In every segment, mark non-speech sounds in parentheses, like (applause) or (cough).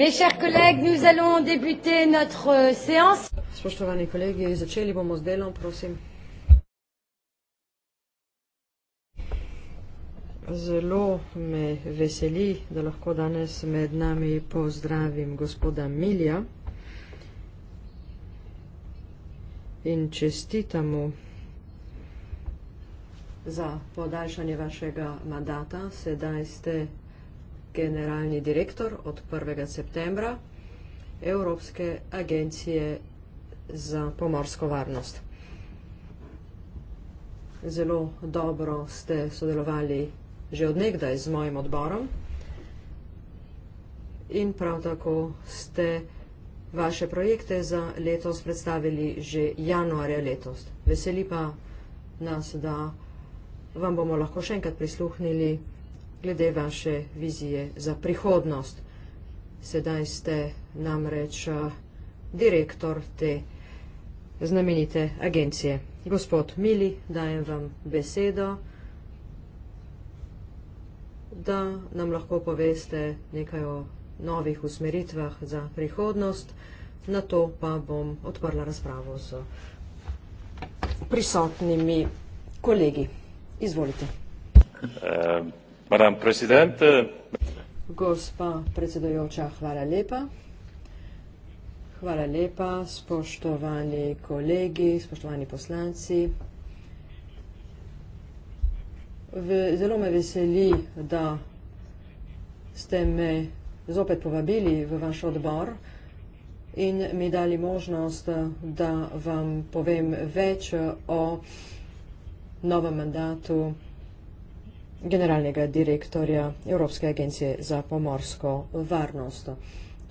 Mes chers collègues, nous allons débuter notre euh, séance. Spoštovani kolegi, začeli bomo z delom, prosim. Zelo me veseli, da lahko danes med nami pozdravim gospoda Milja in čestitamo za podaljšanje vašega mandata. Sedaj ste generalni direktor od 1. septembra Evropske agencije za pomorsko varnost. Zelo dobro ste sodelovali že odnegdaj z mojim odborom in prav tako ste vaše projekte za letos predstavili že januarja letos. Veseli pa nas, da vam bomo lahko še enkrat prisluhnili vsega glede vaše vizije za prihodnost. Sedaj ste namreč eh, direktor te znamenite agencije. Gospod Mili, dajem vam besedo, da nam lahko poveste nekaj o novih usmeritvah za prihodnost, na to pa bom odprla razpravo z prisotnimi kolegi. Izvolite. Um. Uh, Gospa predsedojoča, hvala lepa. Hvala lepa, spoštovani kolegi, spoštovani poslanci. V, zelo me veseli, da ste me zopet povabili v vaš odbor in mi dali možnost, da vam povem več o novem mandatu generalnega direktorja Evropske agencije za pomorsko varnost.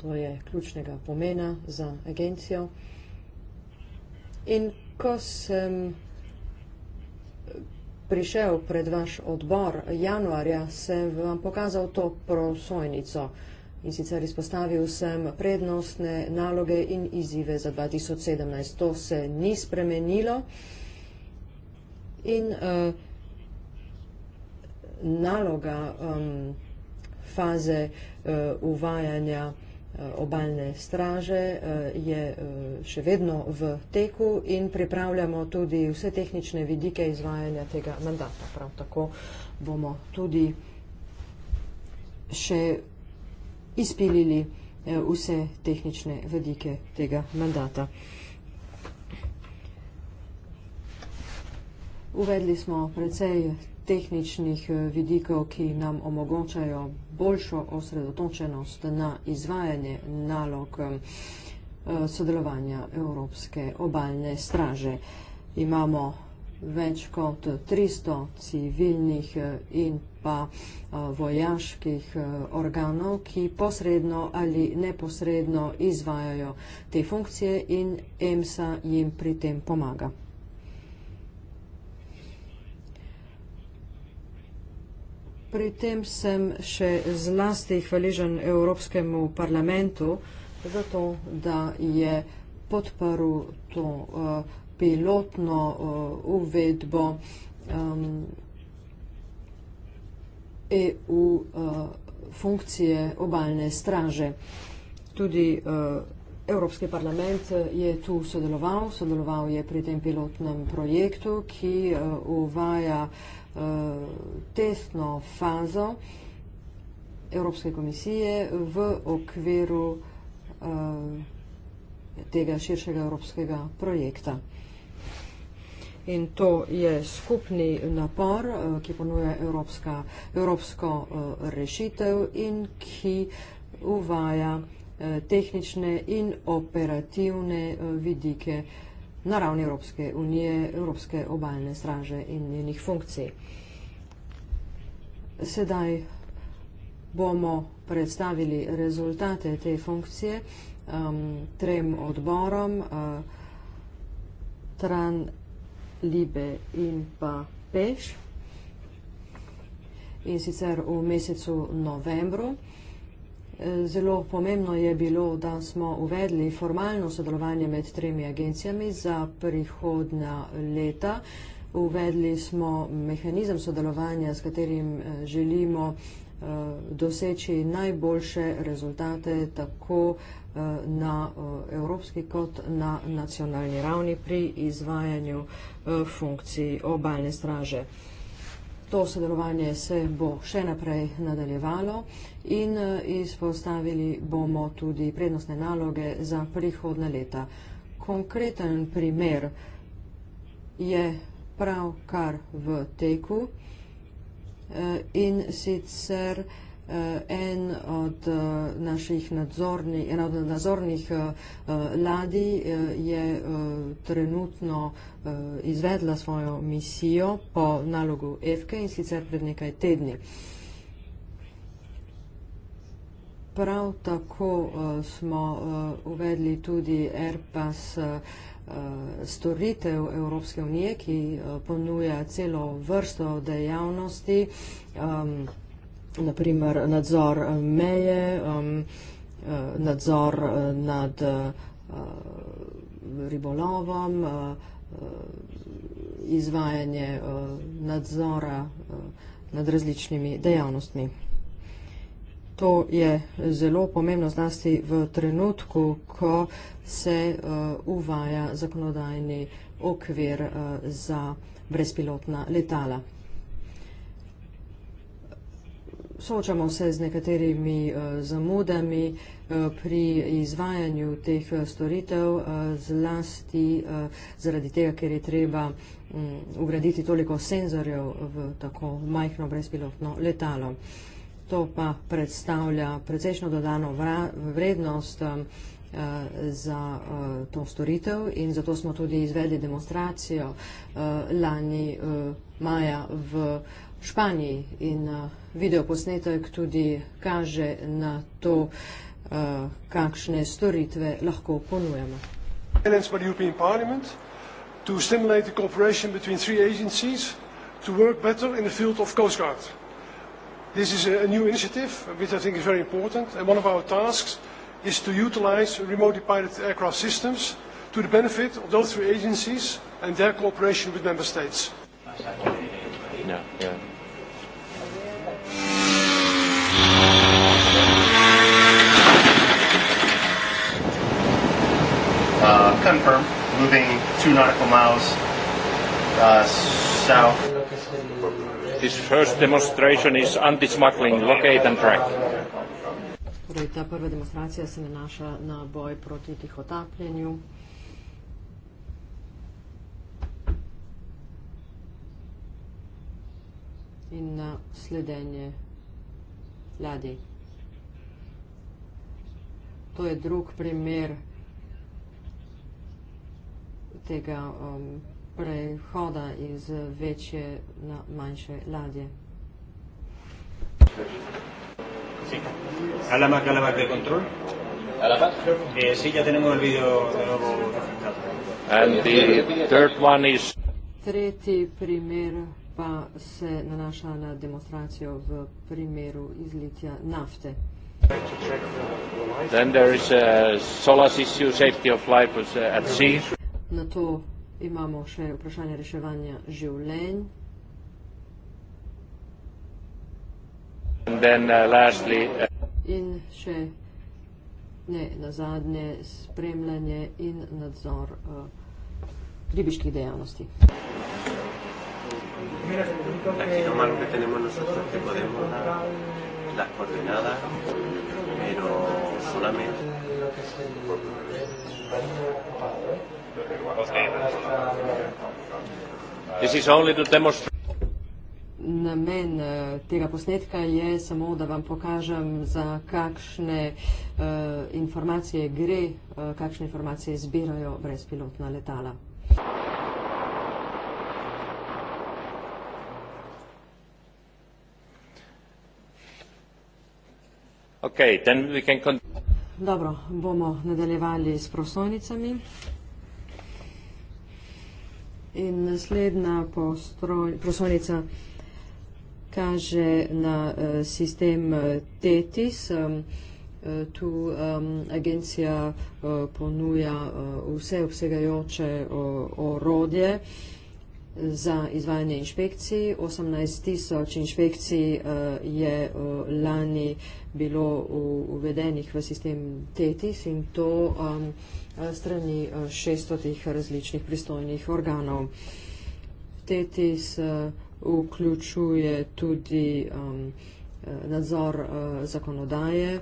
To je ključnega pomena za agencijo. In ko sem prišel pred vaš odbor januarja, sem vam pokazal to prosojnico in sicer izpostavil sem prednostne naloge in izzive za 2017. To se ni spremenilo in uh, naloga um, faze uh, uvajanja uh, obalne straže uh, je uh, še vedno v teku in pripravljamo tudi vse tehnične vidike izvajanja tega mandata. Prav tako bomo tudi še izpilili vse tehnične vidike tega mandata. Uvedli smo precej tehničnih eh, vidikov, ki nam omogočajo boljšo osredotočenost na izvajanje nalog eh, sodelovanja Evropske obaljne straže. Imamo več kot 300 civilnih eh, in pa vojaških organov, ki posredno ali neposredno izvajajo te funkcije in EMSA jim pri tem pomaga. Pri tem sem še zlasti hvaležen Evropskemu parlamentu za to, da je podparil to uh, pilotno uh, uvedbo um, EU uh, eh, funkcije obalne straže. Tudi uh, Evropski parlament eh, je tu sodeloval, sodeloval je pri tem pilotnem projektu, ki eh, uvaja eh, testno fazo Evropske komisije v okviru tega širšega evropskega projekta. In to je skupni napor, ki ponuje evropska, evropsko rešitev in ki uvaja Eh, tehnične in operativne eh, vidike na ravni Evropske unije, Evropske obaljne straže in njenih funkcij. Sedaj bomo predstavili rezultate te funkcije um, trem odborom uh, Tran, Libe in pa Peš in sicer v mesecu novembru. Zelo pomembno je bilo, da smo uvedli formalno sodelovanje med tremi agencijami za prihodna leta. Uvedli smo mehanizem sodelovanja, s katerim eh, želimo eh, doseči najboljše rezultate tako eh, na evropski kot na nacionalni ravni pri izvajanju funkcij obalne straže. To sodelovanje se bo še naprej nadaljevalo in eh, izpostavili bomo tudi prednostne naloge za prihodne leta. Konkreten primer je prav kar v teku eh, in sicer Eh, en od eh, naših nadzornih, ena od nadzornih eh, ladij je trenutno izvedla svojo misijo po nalogu EFKE in sicer pred nekaj tedni. Prav tako smo uvedli tudi Airpass storitev Evropske unije, ki ponuja celo vrsto dejavnosti, ki je vrsto dejavnosti, naprimer nadzor eh, meje, um, eh, nadzor eh, nad ribolovom, izvajanje nadzora nad različnimi dejavnostmi. To je zelo pomembno zlasti v trenutku, ko se uvaja zakonodajni okvir za brezpilotna letala soočamo se z nekaterimi eh, zamudami eh, pri izvajanju teh eh, storitev, zlasti zaradi tega, ker je treba mm, ugraditi toliko senzorjev v tako majhno brezpilotno letalo. To pa predstavlja precejšno dodano vrednost za to storitev in zato smo tudi izvedli demonstracijo lani maja v Hrvatskoj Španiji in eh, videoposnetek tudi kaže na to, eh, kakšne storitve lahko ponujemo. To stimulate the cooperation between three agencies to work better in the field of Coast Guard. This is a new initiative which I think is very important, and one of our tasks is to utilize remotely piloted aircraft systems to the benefit of those three agencies and their cooperation with member states. Thank you now. Ja, yeah. Ja. Uh, confirm. Moving two nautical miles uh, south. This first demonstration is anti-smuggling. Locate and track. Torej, ta prva demonstracija se nanaša na boj proti tihotapljenju. in na sledenje ladji. To je drug primer tega um, prehoda iz večje na manjše ladje. Sí. Alamar, Alamar de control. Alamar. Eh, sí, ya tenemos el video. And the third one is. Tretí primero pa se nanaša na demonstracijo v primeru izlitja nafte. Uh, na to imamo še vprašanje reševanja življenj. Then, uh, lastly, uh, in še ne na zadnje spremljanje in nadzor uh, ribiških dejavnosti. Aquí lo malo que tenemos nosotros es que podemos dar las coordenadas, pero solamente. This is only to demonstrate. Namen eh, tega posnetka je samo, da vam pokažem, za kakšne uh, informacije gre, uh, kakšne informacije zbirajo brezpilotna letala. Okay, Dobro, bomo nadaljevali s prosojnicami. In naslednja prosojnica kaže na uh, sistem eh, TETIS. Um, tu um, agencija uh, ponuja uh, vse obsegajoče uh, orodje. Uh, za izvajanje inšpekcij. 18 tisoč inšpekcij eh, je eh, lani bilo uvedenih v sistem TETIS in to um, eh, strani 600 različnih pristojnih organov. TETIS vključuje tudi um, nadzor zakonodaje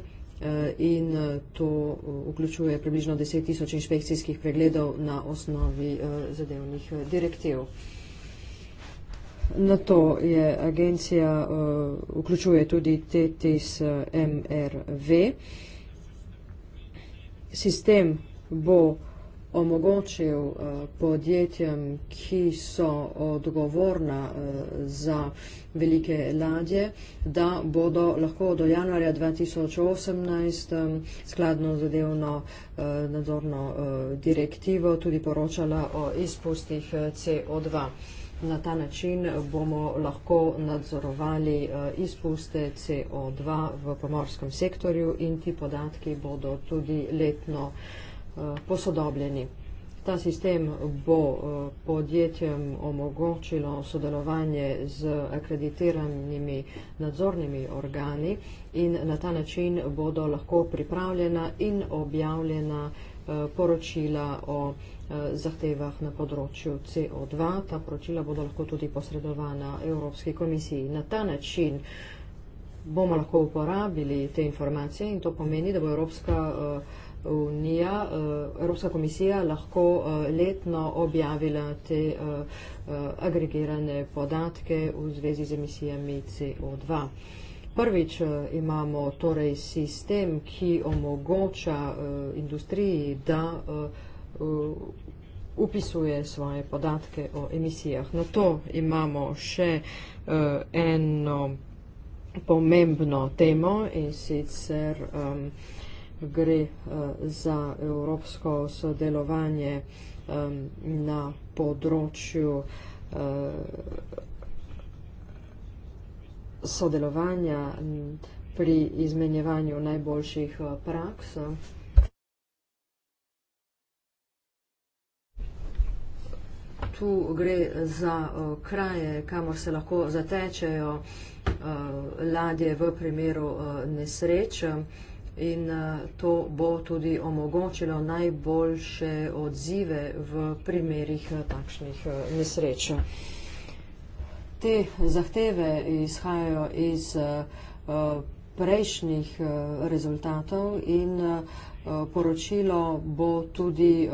in to vključuje približno 10 tisoč inšpekcijskih pregledov na osnovi zadevnih direktiv. Na to je agencija uh, vključuje tudi TTIS eh, MRV. Sistem bo omogočil uh, podjetjem, ki so odgovorna uh, za velike ladje, da bodo lahko do januarja 2018 um, skladno zadevno uh, nadzorno uh, direktivo tudi poročala o izpustih CO2. Na ta način bomo lahko nadzorovali eh, izpuste CO2 v pomorskem sektorju in ti podatki bodo tudi letno eh, posodobljeni. Ta sistem bo eh, podjetjem omogočilo sodelovanje z akreditiranimi nadzornimi organi in na ta način bodo lahko pripravljena in objavljena poročila o izpuste CO2. Eh, zahtevah na področju CO2. Ta poročila bodo lahko tudi posredovana Evropski komisiji. Na ta način bomo lahko uporabili te informacije in to pomeni, da bo Evropska eh, unija, eh, Evropska komisija lahko letno objavila te agregirane podatke v zvezi z emisijami CO2. Prvič imamo torej sistem, ki omogoča industriji, da vsega upisuje eh, svoje podatke o emisijah. Na to imamo še eh, eno pomembno temo in sicer gre eh, za evropsko sodelovanje na področju sodelovanja pri izmenjevanju najboljših praks. tu gre za eh, kraje, kamor se lahko zatečejo eh, ladje v primeru eh, nesreč in to bo tudi omogočilo najboljše odzive v primerih takšnih nesreč. Te zahteve izhajajo iz prejšnjih eh, rezultatov in eh, poročilo bo tudi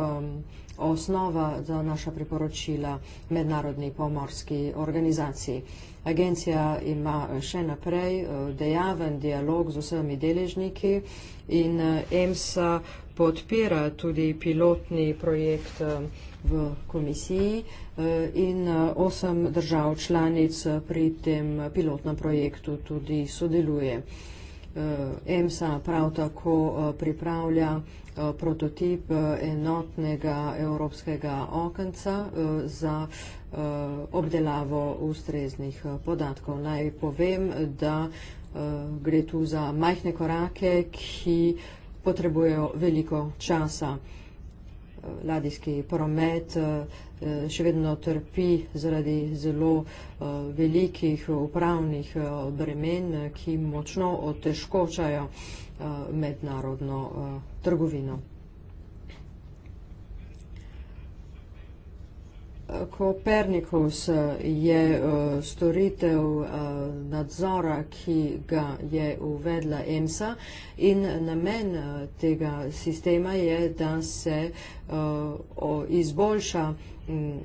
osnova za naša priporočila Mednarodni pomorski organizaciji. Agencija ima še naprej eh, dejaven dialog z vsemi deležniki in eh, EMSA podpira tudi pilotni projekt eh, v komisiji in osem držav članic pri tem pilotnem projektu tudi sodeluje. EMSA prav tako pripravlja Eh, prototip eh, enotnega evropskega okenca eh, za obdelavo ustreznih podatkov. Naj povem, da gre tu za majhne korake, ki potrebujejo veliko časa. Ladijski promet še vedno trpi zaradi zelo velikih upravnih bremen, ki močno otežkočajo vsega Eh, mednarodno eh, trgovino. Kopernikus je eh, storitev eh, nadzora, ki ga je uvedla EMSA in namen eh, tega sistema je, da se izboljša mm,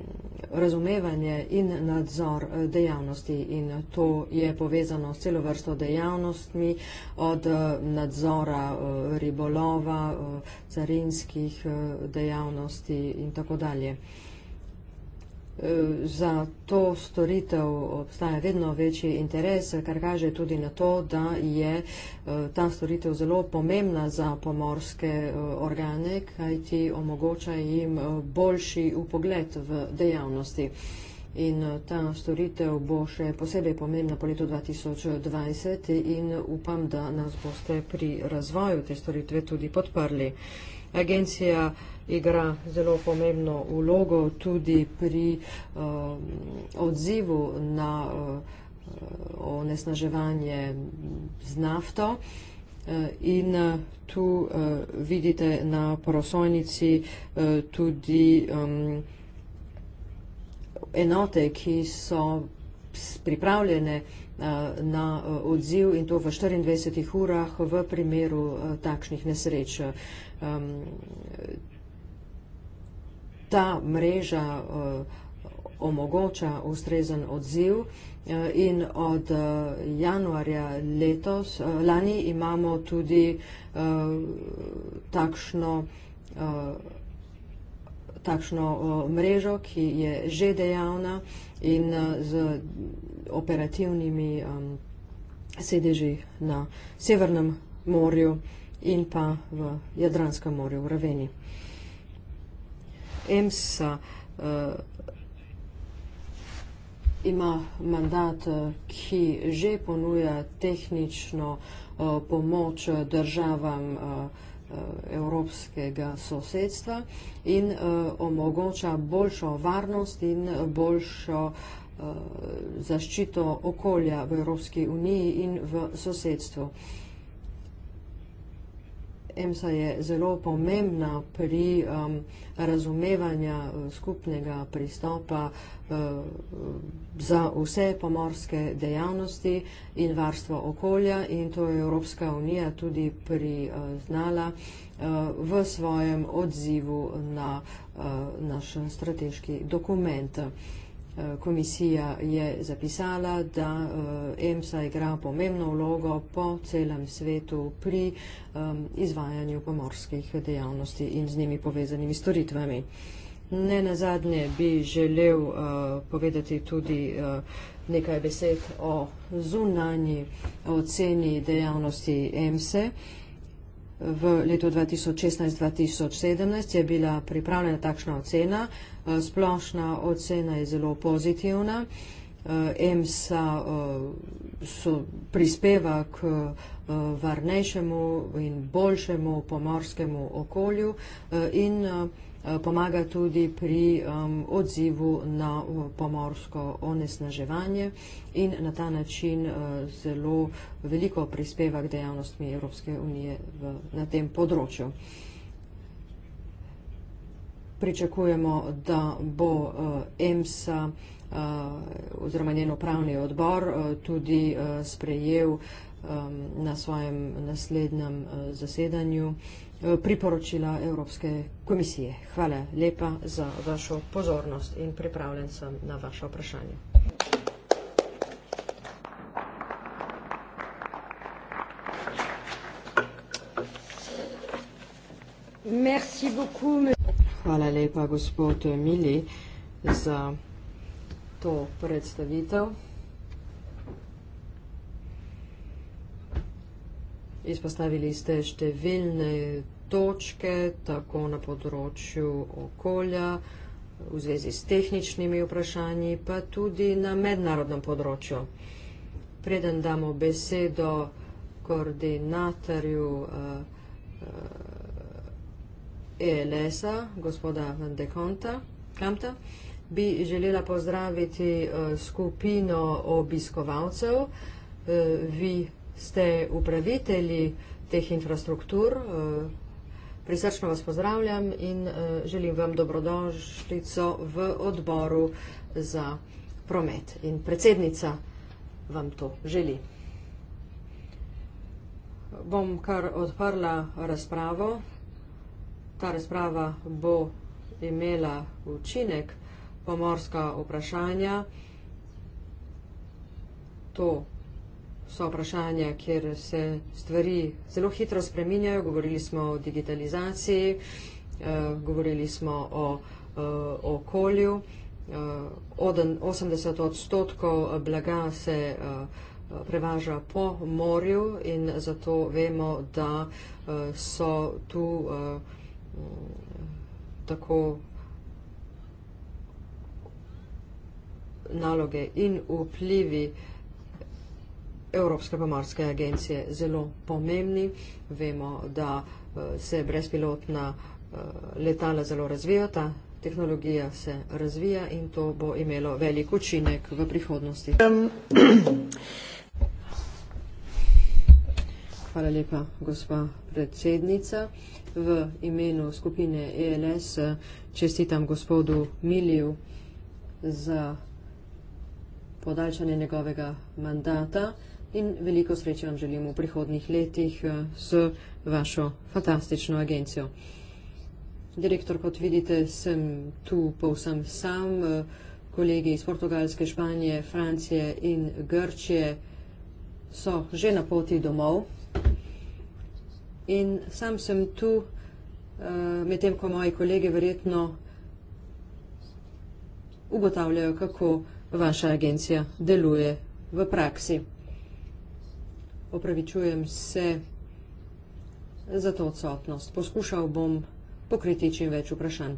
razumevanje in nadzor dejavnosti in to je povezano s celo vrsto dejavnostmi od nadzora ribolova, carinskih dejavnosti in tako dalje. Eh, za to storitev obstaja vedno večji interes, kar kaže tudi na to, da je eh, ta storitev zelo pomembna za pomorske eh, organe, kajti omogoča jim boljši upogled v dejavnosti. In ta storitev bo še posebej pomembna po letu 2020 in upam, da nas boste pri razvoju te storitve tudi podprli. Agencija igra zelo pomembno vlogo tudi pri uh, odzivu na uh, onesnaževanje z nafto. Uh, in uh, tu uh, vidite na prosojnici uh, tudi um, enote, ki so pripravljene uh, na uh, odziv in to v 24 urah v primeru uh, takšnih nesreč. Um, ta mreža eh, omogoča ustrezen odziv eh, in od eh, januarja letos, lani imamo tudi takšno takšno mrežo, ki je že dejavna in z operativnimi sedeži na Severnem morju in pa v Jadranskem morju v Raveni. EMS-a eh, ima mandat, eh, ki že ponuja tehnično eh, pomoč državam evropskega sosedstva in omogoča boljšo varnost in boljšo zaščito okolja v Evropski uniji in v sosedstvu. EMSA je zelo pomembna pri um, razumevanju uh, skupnega pristopa uh, za vse pomorske dejavnosti in varstvo okolja in to je Evropska unija tudi priznala uh, v svojem odzivu na uh, naš strateški dokument. Uh, Eh, komisija je zapisala, da eh, EMSA igra pomembno vlogo po celem svetu pri ehm, izvajanju pomorskih dejavnosti in z njimi povezanimi storitvami. Ne na zadnje bi želel uh, povedati tudi uh, nekaj besed o zunanji oceni dejavnosti EMSE. Uh, v letu 2016-2017 je bila pripravljena takšna ocena. Eh, splošna ocena je zelo pozitivna. Eh, EMSA eh, so, prispeva k varnejšemu in boljšemu pomorskemu okolju in pomaga tudi pri um, odzivu na uh, pomorsko onesnaževanje in na ta način uh, zelo veliko prispeva k dejavnostmi Evropske unije na tem področju. Pričakujemo, da bo uh, EMSA oziroma njen upravni odbor tudi sprejel um, na svojem naslednjem zasedanju Eh, priporočila Evropske komisije. Hvala lepa za vašo pozornost in pripravljen sem na vaše vprašanje. Hvala lepa, gospod Mili, za to predstavitev. Izpostavili ste številne točke, tako na področju okolja, v zvezi s tehničnimi vprašanji, pa tudi na mednarodnem področju. Preden damo besedo koordinatorju ELS-a, eh, eh, e gospoda Van de Konta, Kamta, bi želela pozdraviti eh, skupino obiskovalcev. Vi ste upravitelji teh infrastruktur. Eh, prisrčno vas pozdravljam in eh, želim vam dobrodošlico v odboru za promet. In predsednica vam to želi. Bom kar odprla razpravo. Ta razprava bo imela učinek pomorska vprašanja. To so vprašanja, kjer se stvari zelo hitro spreminjajo. Govorili smo o digitalizaciji, eh, govorili smo o, o, eh, o okolju. Eh, oden, 80 odstotkov blaga se eh, prevaža po morju in zato vemo, da eh, so tu eh, tako naloge in vplivi eh, Evropske pomorske agencije zelo pomembni. Vemo, da eh, se brezpilotna eh, letala zelo razvijata, tehnologija se razvija in to bo imelo velik učinek v prihodnosti. (clears throat) Hvala lepa, gospa predsednica. V imenu skupine ELS eh, čestitam gospodu Miliju za podaljšanje njegovega mandata in veliko sreče vam želim v prihodnih letih eh, s vašo fantastično agencijo. Direktor, kot vidite, sem tu povsem sam, eh, kolegi iz Portugalske, Španije, Francije in Grčije so že na poti domov in sam sem tu, eh, medtem ko moji kolege verjetno ugotavljajo, kako vaša agencija deluje v praksi opravičujem se za to odsotnost. Poskušal bom pokriti čim več vprašanj.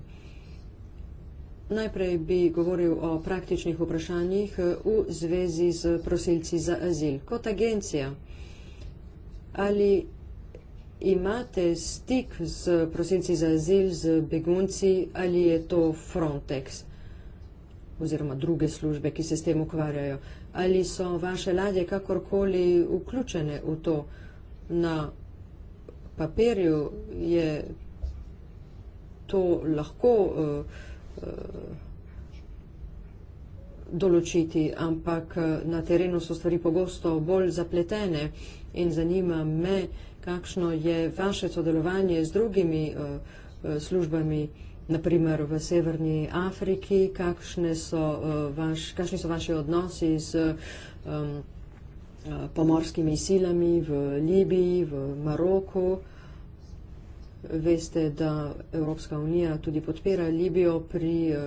Najprej bi govoril o praktičnih vprašanjih v zvezi z prosilci za azil. Kot agencija, ali imate stik z prosilci za azil, z begunci, ali je to Frontex oziroma druge službe, ki se s tem ukvarjajo? ali so vaše ladje kakorkoli vključene v to. Na papirju je to lahko eh, eh, določiti, ampak eh, na terenu so stvari pogosto bolj zapletene in zanima me, kakšno je vaše sodelovanje z drugimi službami naprimer v Severni Afriki, kakšne so, eh, vaš, kakšne so vaše odnosi z um, pomorskimi silami v Libiji, v Maroku. Veste, da Evropska unija tudi podpira Libijo pri uh,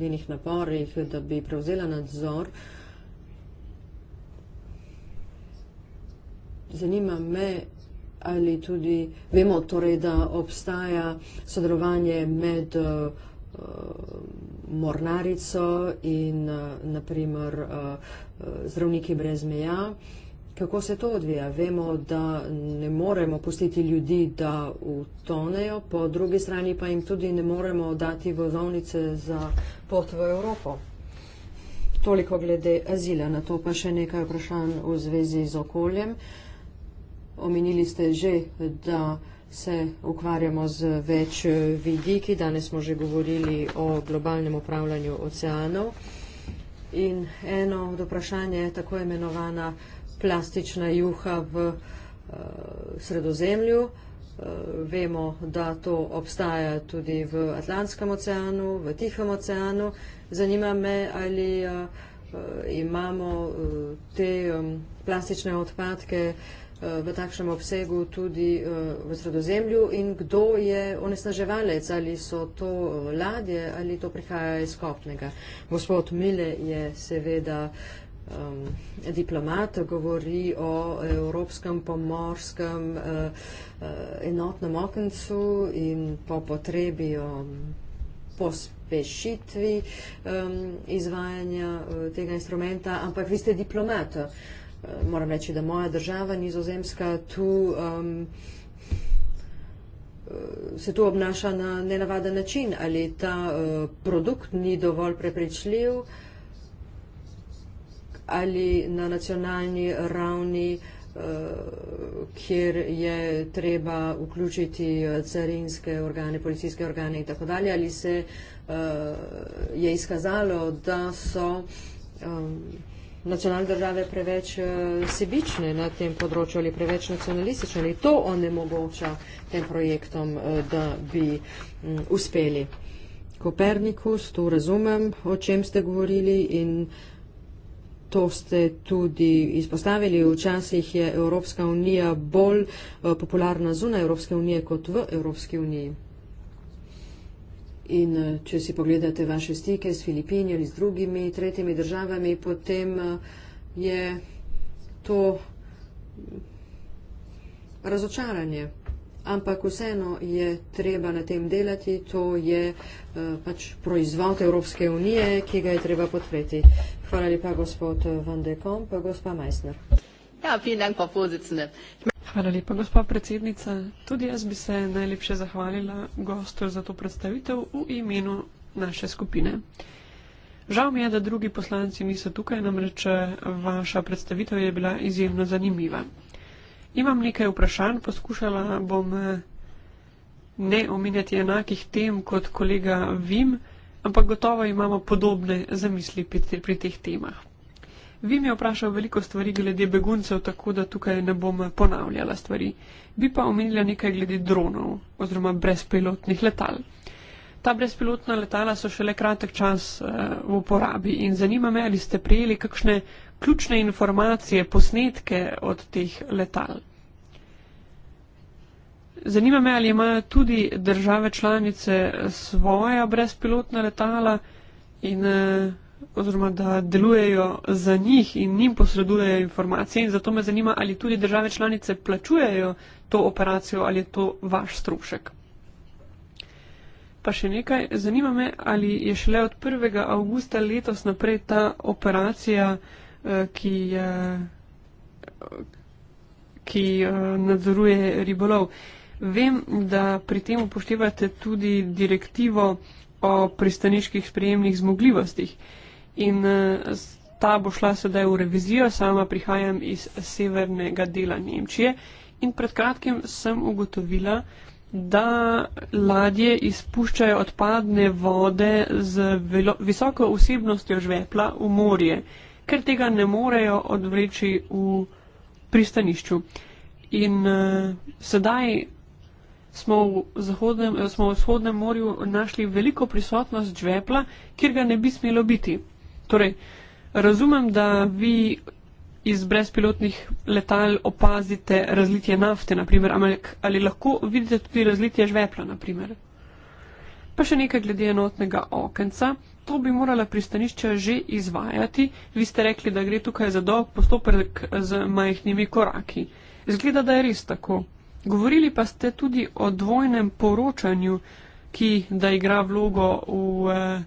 njenih naporih, da bi prevzela nadzor. Zanima me, ali tudi vemo torej, da obstaja sodelovanje med eh, eh, mornarico in eh, naprimer zdravniki brez meja. Kako se to odvija? Vemo, da ne moremo pustiti ljudi, da utonejo, po drugi strani pa jim tudi ne moremo dati vozovnice za pot v Evropo. Toliko glede azila, na to pa še nekaj vprašanj v zvezi z okoljem. Uh, Omenili ste že, da se ukvarjamo z več eh, vidiki. Danes smo že govorili o globalnem upravljanju oceanov. In eno od vprašanja je tako imenovana plastična juha v uh, sredozemlju. Uh, vemo, da to obstaja tudi v Atlantskem oceanu, v Tihem oceanu. Zanima me, ali uh, imamo uh, te um, plastične odpadke uh, Eh, v takšnem obsegu tudi eh, v sredozemlju in kdo je onesnaževalec, ali so to eh, ladje ali to prihaja iz kopnega. Gospod Mile je seveda um, diplomat, govori o evropskem pomorskem uh, enotnem okencu in po potrebi o pospešitvi um, izvajanja uh, tega instrumenta, ampak vi ste diplomat. Uh, Eh, moram reči, da moja država nizozemska tu um, se tu obnaša na nenavaden način ali ta uh, produkt ni dovolj prepričljiv ali na nacionalni ravni, uh, kjer je treba vključiti carinske organe, policijske organe in tako dalje, ali se uh, je izkazalo, da so um, nacionalne države preveč eh, sebične na tem področju ali preveč nacionalistične ali to onemogoča tem projektom, eh, da bi mm, uspeli. Kopernikus, tu razumem, o čem ste govorili in to ste tudi izpostavili. Včasih je Evropska unija bolj eh, popularna zunaj Evropske unije kot v Evropski uniji. In eh, če si pogledate vaše stike s Filipini ali z drugimi, tretjimi državami, potem eh, je to razočaranje. Ampak vseeno je treba na tem delati, to je eh, pač proizvod Evropske unije, ki ga je treba potreti. Hvala lepa, gospod Van de Kom, pa gospa Meissner. Ja, vielen Dank, Frau Vorsitzende. Hvala lepa, gospa predsednica. Tudi jaz bi se najlepše zahvalila gostu za to predstavitev v imenu naše skupine. Žal mi je, da drugi poslanci niso tukaj, namreč eh, vaša predstavitev je bila izjemno zanimiva. Imam nekaj vprašanj, poskušala bom eh, ne omenjati enakih tem kot kolega Vim, ampak gotovo imamo podobne zamisli pri teh temah. Vim je vprašal veliko stvari glede beguncev, tako da tukaj ne bom ponavljala stvari. Bi pa omenila nekaj glede dronov oziroma brezpilotnih letal. Ta brezpilotna letala so šele kratek čas uh, v uporabi in zanima me, ali ste prijeli kakšne ključne informacije, posnetke od teh letal. Zanima me, ali imajo tudi države članice eh, svoja brezpilotna letala in. Uh, oziroma da delujejo za njih in njim posredujejo informacije in zato me zanima, ali tudi države članice plačujejo to operacijo ali je to vaš strošek. Pa še nekaj, zanima me, ali je šele od 1. augusta letos naprej ta operacija, eh, ki, je, ki eh, nadzoruje ribolov. Vem, da pri tem upoštevate tudi direktivo o pristaniških sprejemnih zmogljivostih. In eh, ta bo šla sedaj v revizijo, sama prihajam iz severnega dela Nemčije. In pred kratkim sem ugotovila, da ladje izpuščajo odpadne vode z velo, visoko vsebnostjo žvepla v morje, ker tega ne morejo odvreči v pristanišču. In uh, sedaj smo v, zahodnem, eh, smo v vzhodnem morju našli veliko prisotnost žvepla, kjer ga ne bi smelo biti. Torej, razumem, da vi iz brezpilotnih letal opazite razlitje nafte, naprimer, ampak ali lahko vidite tudi razlitje žvepla, naprimer? Pa še nekaj glede enotnega okenca. To bi morala pristanišča že izvajati. Vi ste rekli, da gre tukaj za dolg postopek z majhnimi koraki. Zgleda, da je res tako. Govorili pa ste tudi o dvojnem poročanju, ki da igra vlogo v eh,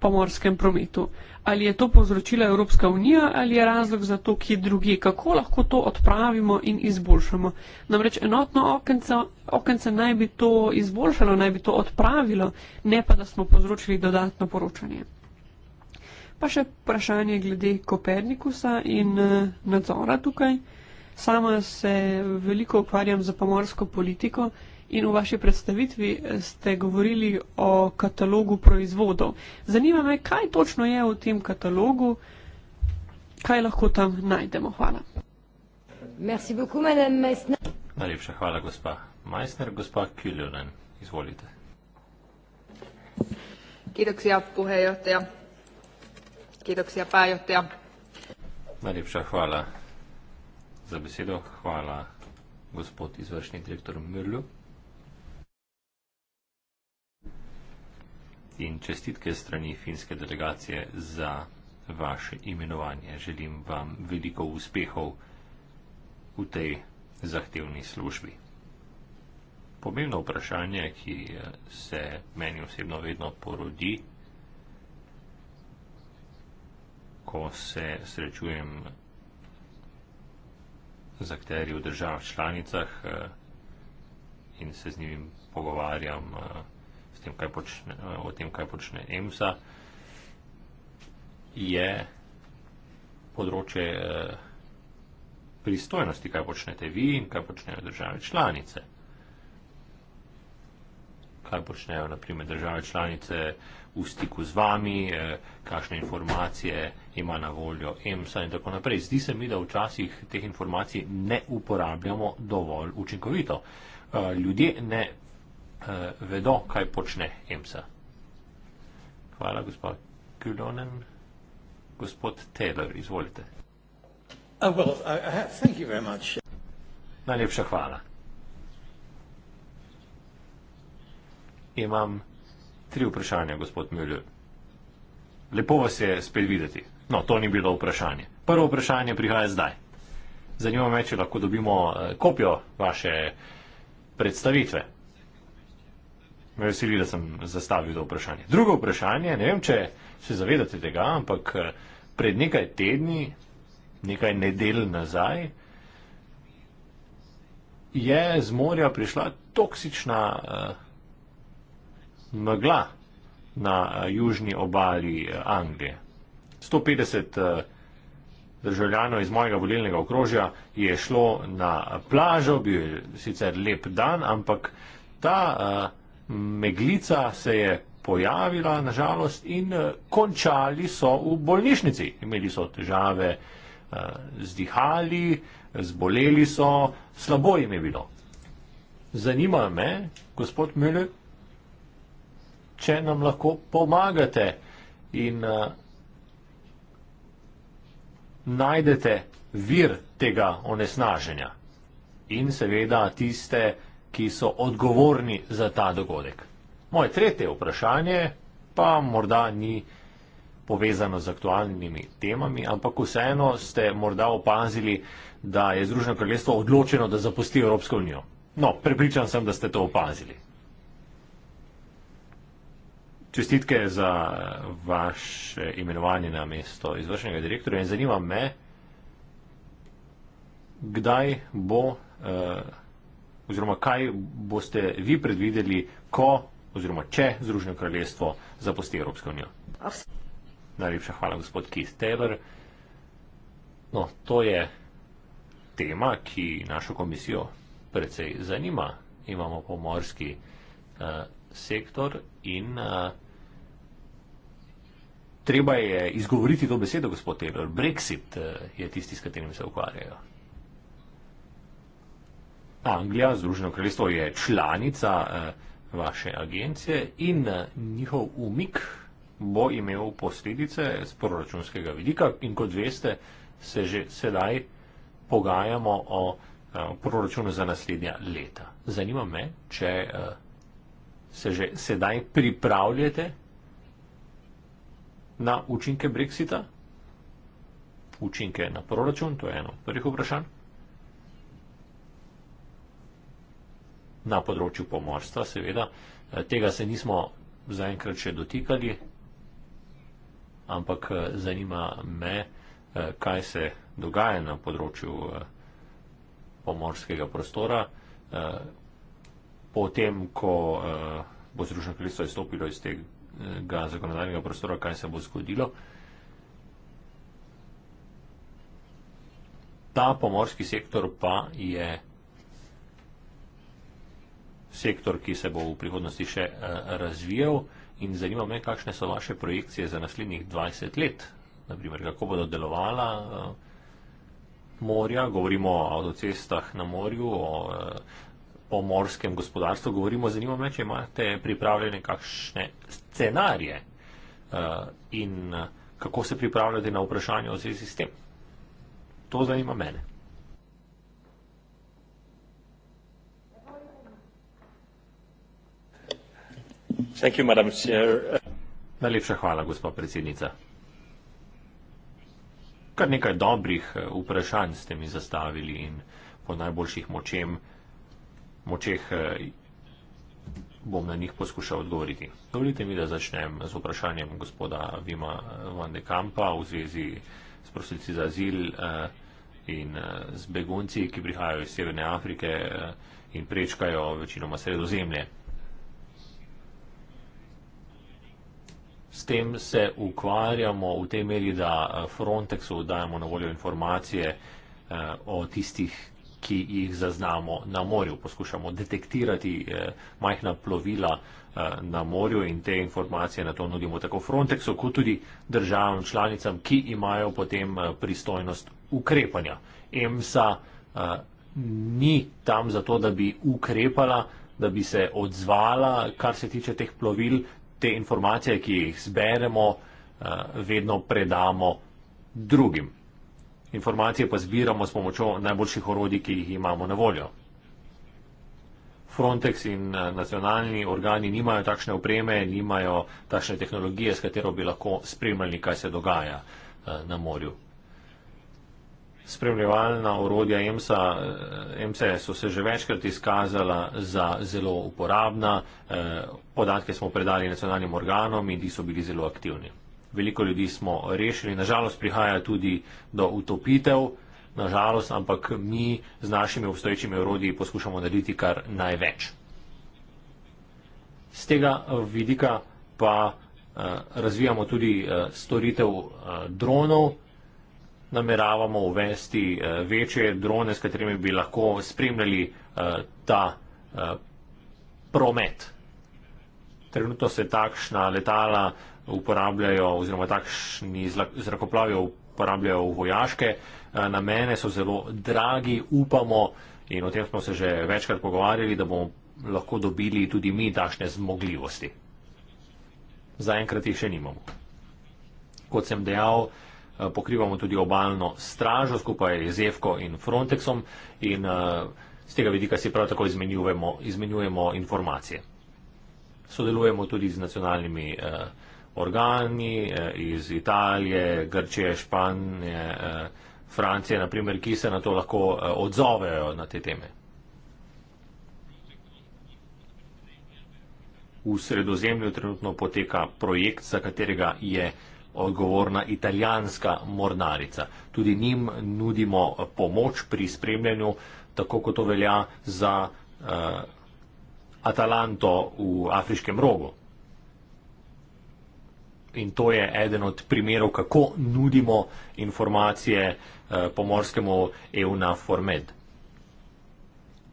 pomorskem prometu. Ali je to povzročila Evropska unija ali je razlog za to, ki je drugi, kako lahko to odpravimo in izboljšamo. Namreč enotno okence, okence naj bi to izboljšalo, naj bi to odpravilo, ne pa da smo povzročili dodatno poročanje. Pa še vprašanje glede Kopernikusa in eh, nadzora tukaj. Sama se veliko ukvarjam za pomorsko politiko in v vaši predstavitvi eh, ste govorili o katalogu proizvodov. Zanima me, kaj točno je v tem katalogu, kaj lahko tam najdemo. Hvala. Najlepša hvala, gospa Majsner. Gospa Kiljonen, izvolite. Najlepša hvala za besedo. Hvala, gospod izvršni direktor Mirljo. in čestitke strani finske delegacije za vaše imenovanje. Želim vam veliko uspehov v tej zahtevni službi. Pomembno vprašanje, ki se meni osebno vedno porodi, ko se srečujem z akterji v državah članicah eh, in se z njimi pogovarjam, eh, tem, kaj počne, eh, o tem, kaj počne EMSA, je področje eh, pristojnosti, kaj počnete vi in kaj počnejo države članice. Kaj počnejo, naprimer, države članice v stiku z vami, eh, kakšne informacije ima na voljo EMSA in tako naprej. Zdi se mi, da včasih teh informacij ne uporabljamo dovolj učinkovito. Ljudje ne Eh, vedo, kaj počne EMSA. Hvala, gospa Kulonen. Gospod Taylor, izvolite. Uh, well, I, I, thank you very much. Najlepša hvala. Imam tri vprašanja, gospod Müller. Lepo vas je spet videti. No, to ni bilo vprašanje. Prvo vprašanje prihaja zdaj. Zanima me, če lahko dobimo eh, kopijo vaše predstavitve me veseli, da sem zastavil to vprašanje. Drugo vprašanje, ne vem, če se zavedate tega, ampak eh, pred nekaj tedni, nekaj nedel nazaj, je z morja prišla toksična uh, megla na uh, južni obali Anglije. 150 uh, državljanov iz mojega volilnega okrožja je šlo na plažo, bil je sicer lep dan, ampak ta uh, meglica se je pojavila, nažalost, in eh, končali so v bolnišnici. Imeli so težave eh, z dihali, zboleli so, slabo jim je bilo. Zanima me, gospod Müller, če nam lahko pomagate in uh, najdete vir tega onesnaženja in seveda tiste, uh, ki so odgovorni za ta dogodek. Moje tretje vprašanje pa morda ni povezano z aktualnimi temami, ampak vseeno ste morda opazili, da je Združeno kraljestvo odločeno, da zapusti Evropsko unijo. No, prepričan sem, da ste to opazili. Čestitke za vaše imenovanje na mesto izvršnega direktorja in zanima me, kdaj bo uh, oziroma kaj boste vi predvideli, ko oziroma če Združeno kraljestvo zapusti Evropsko unijo. Najlepša hvala, gospod Keith Taylor. No, to je tema, ki našo komisijo precej zanima. Imamo pomorski uh, sektor in uh, treba je izgovoriti to besedo, gospod Taylor. Brexit uh, je tisti, s katerim se ukvarjajo. Anglija, Združeno kraljestvo je članica eh, vaše agencije in eh, njihov umik bo imel posledice z proračunskega vidika in kot veste, se že sedaj pogajamo o eh, proračunu za naslednja leta. Zanima me, če se že sedaj pripravljate na učinke Brexita, učinke na proračun, to je eno prvih vprašanj. na področju pomorstva, seveda. Eh, tega se nismo zaenkrat še dotikali, ampak eh, zanima me, eh, kaj se dogaja na področju pomorskega prostora. Potem, ko bo Združeno kraljestvo izstopilo iz tega zakonodajnega prostora, kaj se bo zgodilo. Ta pomorski sektor pa je sektor, ki se bo v prihodnosti še eh, razvijal in zanima me, kakšne so vaše projekcije za naslednjih 20 let. Naprimer, kako bodo delovala eh, morja, govorimo o avtocestah na morju, o eh, pomorskem gospodarstvu, govorimo, zanima me, če imate pripravljene kakšne scenarije in kako se pripravljate na vprašanje o zvezi s tem. To zanima mene. Najlepša hvala, gospa predsednica. Kar nekaj dobrih eh, vprašanj ste mi zastavili in po najboljših močem, močeh eh, bom na njih poskušal odgovoriti. Dovolite mi, da začnem z vprašanjem gospoda Vima eh, Van de Kampa v zvezi s prosilci za azil in z begunci, ki prihajajo iz Severne Afrike in prečkajo večinoma sredozemlje. S tem se ukvarjamo v tej meri, da eh, Frontexu dajemo na voljo informacije eh, o tistih, ki jih zaznamo na morju. Poskušamo detektirati eh, majhna plovila na morju in te informacije na to nudimo tako Frontexu, kot tudi državam članicam, ki imajo potem pristojnost ukrepanja. EMSA ni tam zato, da bi ukrepala da bi se odzvala, kar se tiče teh plovil, te informacije, ki jih zberemo, eh, vedno predamo drugim. Informacije pa zbiramo s pomočjo najboljših orodij, ki jih imamo na voljo. Frontex in eh, nacionalni organi nimajo takšne opreme, nimajo takšne tehnologije, s katero bi lahko spremljali, kaj se dogaja eh, na morju spremljevalna urodja EMSA, EMSA so se že večkrat izkazala za zelo uporabna. Eh, podatke smo predali nacionalnim organom in ti so bili zelo aktivni. Veliko ljudi smo rešili. Nažalost prihaja tudi do utopitev, nažalost, ampak mi z našimi obstoječimi urodji poskušamo narediti kar največ. Z tega vidika pa eh, razvijamo tudi eh, storitev dronov, nameravamo uvesti eh, večje drone, s katerimi bi lahko spremljali eh, ta eh, promet. Trenutno se takšna letala uporabljajo oziroma takšni zrakoplavi uporabljajo v vojaške namene, so zelo dragi, upamo in o tem smo se že večkrat pogovarjali, da bomo lahko dobili tudi mi takšne zmogljivosti. Zaenkrat jih še nimamo. Kot sem dejal, Eh, pokrivamo tudi obalno stražo skupaj z EFKO in Frontexom in z eh, tega vidika si prav tako izmenjujemo, izmenjujemo informacije. Sodelujemo tudi z nacionalnimi eh, organi iz Italije, Grčije, Španije, Francije, naprimer, ki se na to lahko odzovejo na te teme. V sredozemlju trenutno poteka projekt, za katerega je odgovorna italijanska mornarica. Tudi njim nudimo eh, pomoč pri spremljanju, tako kot to velja za uh, Atalanto v Afriškem rogu. In to je eden od primerov, kako nudimo informacije uh, pomorskemu EUNAFORMED.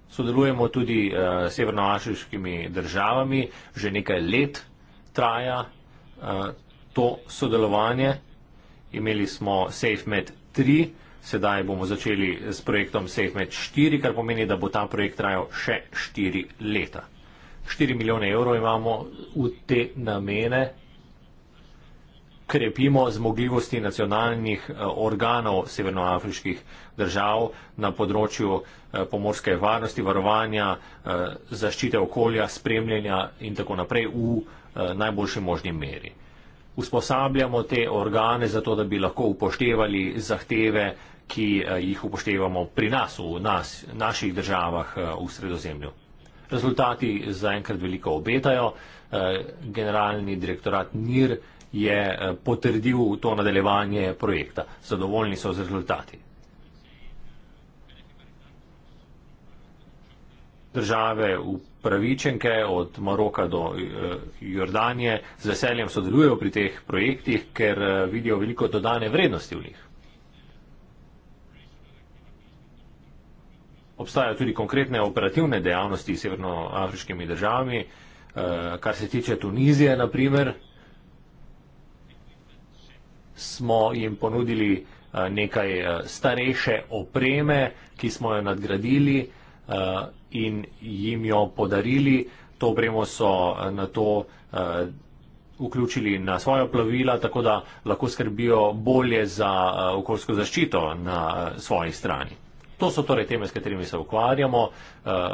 Sodelujemo tudi s uh, severnoafriškimi državami, že nekaj let traja uh, to sodelovanje. Imeli smo SafeMed 3, sedaj bomo začeli s projektom SafeMed 4, kar pomeni, da bo ta projekt trajal še 4 leta. 4 milijone evrov imamo v te namene. Krepimo zmogljivosti nacionalnih eh, organov severnoafriških držav na področju eh, pomorske varnosti, varovanja, eh, zaščite okolja, spremljanja in tako naprej v najboljši možni meri usposabljamo te organe za to, da bi lahko upoštevali zahteve, ki eh, jih upoštevamo pri nas, v nas, naših državah eh, v sredozemlju. Rezultati zaenkrat veliko obetajo. Eh, generalni direktorat NIR je potrdil to nadaljevanje projekta. Zadovoljni so z rezultati. države upravičenke od Maroka do eh, Jordanije z veseljem sodelujejo pri teh projektih, ker eh, vidijo veliko dodane vrednosti v njih. Obstajajo tudi konkretne operativne dejavnosti s severnoafriškimi državami, eh, kar se tiče Tunizije, naprimer, smo jim ponudili nekaj starejše opreme, ki smo jo nadgradili, Eh, in jim jo podarili. To opremo so eh, na to eh, vključili na svoja plavila, tako da lahko skrbijo bolje za okoljsko zaščito na svoji strani. To so torej teme, s katerimi se ukvarjamo.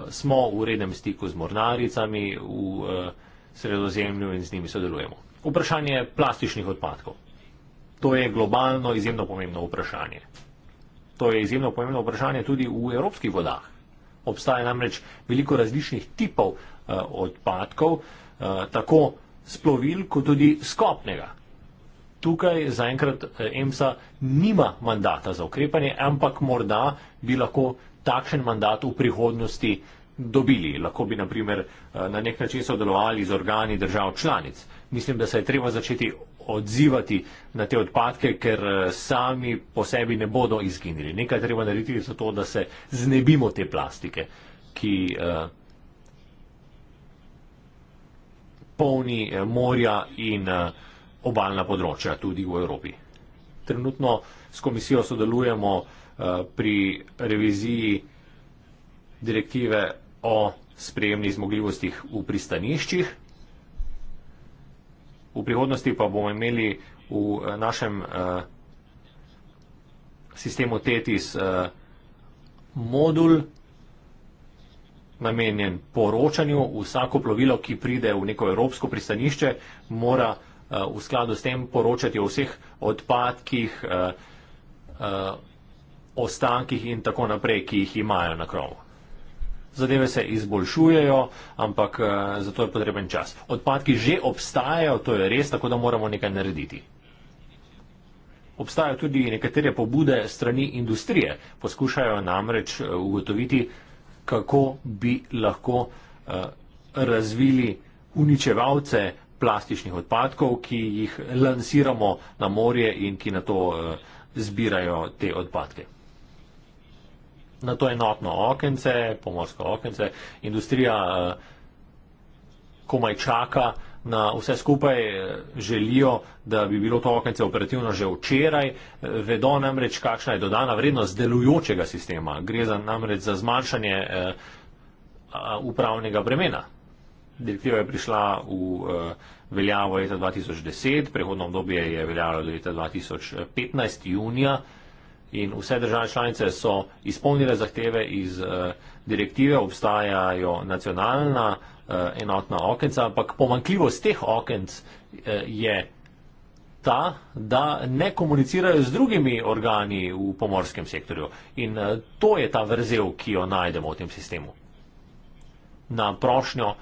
Smo v rednem stiku z mornaricami v sredozemlju in z njimi sodelujemo. Vprašanje plastičnih odpadkov. To je globalno izjemno pomembno vprašanje. To je izjemno pomembno vprašanje tudi v evropskih vodah. Obstaja namreč veliko različnih tipov uh, odpadkov, uh, tako splovil, kot tudi skopnega. Tukaj zaenkrat eh, EMSA nima mandata za ukrepanje, ampak morda bi lahko takšen mandat v prihodnosti dobili. Lahko bi naprimer na nek način sodelovali z organi držav članic. Mislim, da se je treba začeti odzivati na te odpadke, ker eh, sami po sebi ne bodo izginili. Nekaj treba narediti za to, da se znebimo te plastike, ki eh, polni eh, morja in obaljna področja, tudi v Evropi. Trenutno s komisijo sodelujemo pri reviziji direktive o spremni zmogljivostih v pristaniščih, v prihodnosti pa bomo imeli v eh, našem eh, sistemu TETIS eh, modul namenjen poročanju. Vsako plovilo, ki pride v neko evropsko pristanišče, mora v skladu s tem poročati o vseh odpadkih, ostankih in tako naprej, ki jih imajo na krovu zadeve se izboljšujejo, ampak eh, za to je potreben čas. Odpadki že obstajajo, to je res, tako da moramo nekaj narediti. Obstajajo tudi nekatere pobude strani industrije. Poskušajo namreč eh, ugotoviti, kako bi lahko eh, razvili uničevalce plastičnih odpadkov, ki jih lansiramo na morje in ki na to zbirajo te odpadke na to enotno okence, pomorsko okence, industrija eh, komaj čaka na vse skupaj, eh, želijo, da bi bilo to okence operativno že včeraj, eh, vedo namreč, kakšna je dodana vrednost delujočega sistema. Gre za namreč za zmanjšanje upravnega bremena. Direktiva je prišla v veljavo leta 2010, prehodno obdobje je veljalo do leta 2015, junija in vse države članice so izpolnile zahteve iz eh, direktive, obstajajo nacionalna eh, enotna okenca, ampak pomankljivost teh okenc eh, je ta, da ne komunicirajo z drugimi organi v pomorskem sektorju. In to je ta vrzel, ki jo najdemo v tem sistemu. Na prošnjo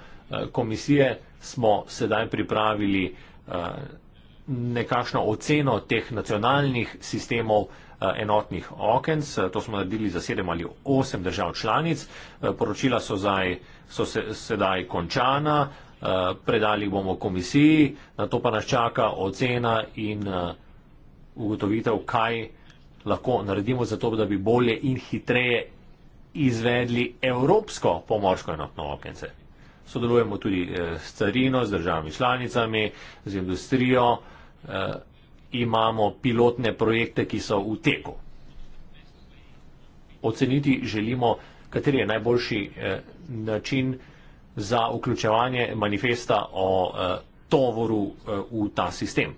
komisije smo sedaj pripravili nekakšno oceno teh nacionalnih sistemov, Eh, enotnih okens. Eh, to smo naredili za sedem ali osem držav članic. Eh, poročila so, zdaj, so se, sedaj končana, predali bomo komisiji, na to pa nas čaka ocena in ugotovitev, kaj lahko naredimo za to, da bi bolje in hitreje izvedli evropsko pomorsko enotno okence. Sodelujemo tudi s carino, z državami članicami, z industrijo imamo pilotne projekte, ki so v teku. Oceniti želimo, kateri je najboljši eh, način za vključevanje manifesta o eh, tovoru eh, v ta sistem.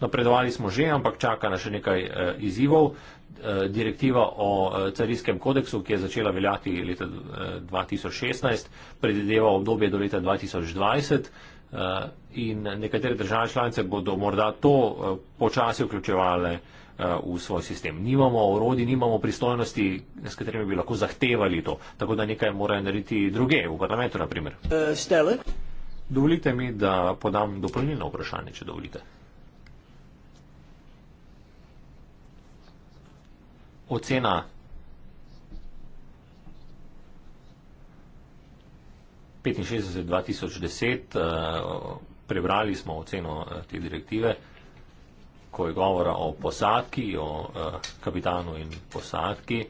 Napredovali smo že, ampak čaka na še nekaj eh, izzivov. Eh, direktiva o eh, carinskem kodeksu, ki je začela veljati leta eh, 2016, predvideva obdobje do leta 2020. Eh, in nekatere države članice bodo morda to eh, počasi vključevale eh, v svoj sistem. Nimamo orodi, nimamo pristojnosti, s katerimi bi lahko zahtevali to. Tako da nekaj morajo narediti druge, v parlamentu naprimer. Uh, dovolite mi, da podam dopolnilno vprašanje, če dovolite. Ocena 2010, eh, prebrali smo oceno eh, te direktive, ko je govora o posadki, o eh, kapitanu in posadki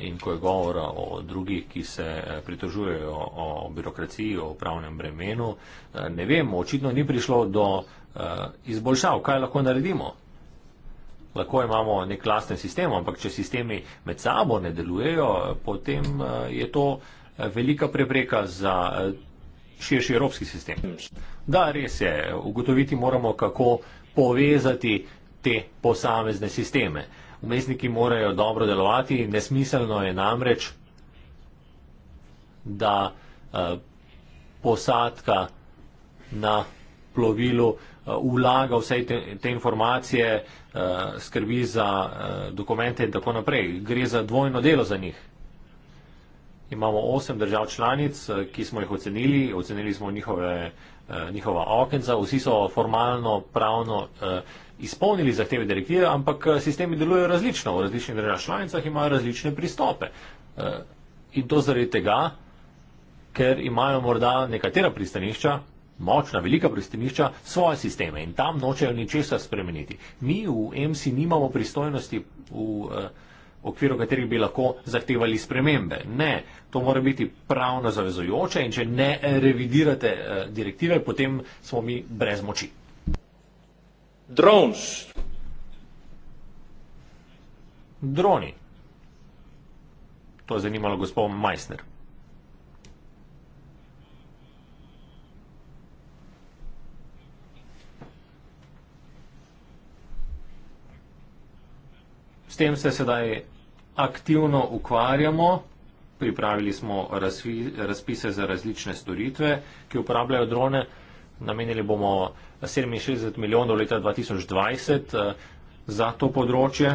in ko je govora o drugih, ki se pritožujejo o birokraciji, o upravnem bremenu. Ne vem, očitno ni prišlo do izboljšav. Kaj lahko naredimo? Lahko imamo nek lasten sistem, ampak če sistemi med sabo ne delujejo, potem je to velika prepreka za eh, širši evropski sistem. Da, res je, ugotoviti moramo, kako povezati te posamezne sisteme. Umestniki morajo dobro delovati, nesmiselno je namreč, da eh, posadka na plovilu eh, vlaga vse te, te informacije, skrbi za dokumente in tako naprej. Gre za dvojno delo za njih. Imamo osem držav članic, eh, ki smo jih ocenili, ocenili smo njihove, eh, njihova okenca, vsi so formalno, pravno eh, izpolnili zahteve direktive, ampak sistemi delujejo različno. V različnih državah članicah imajo različne pristope. In to zaradi tega, ker imajo morda nekatera pristanišča, močna, velika pristanišča, svoje sisteme in tam nočejo ničesar spremeniti. Mi v MC nimamo pristojnosti v v okviru katerih bi lahko zahtevali spremembe. Ne, to mora biti pravno zavezojoče in če ne revidirate eh, direktive, potem smo mi brez moči. Drones. Droni. To je zanimalo gospod Meissner. S tem se sedaj aktivno ukvarjamo. Pripravili smo razpise za različne storitve, ki uporabljajo drone. Namenili bomo 67 milijonov leta 2020 eh, za to področje.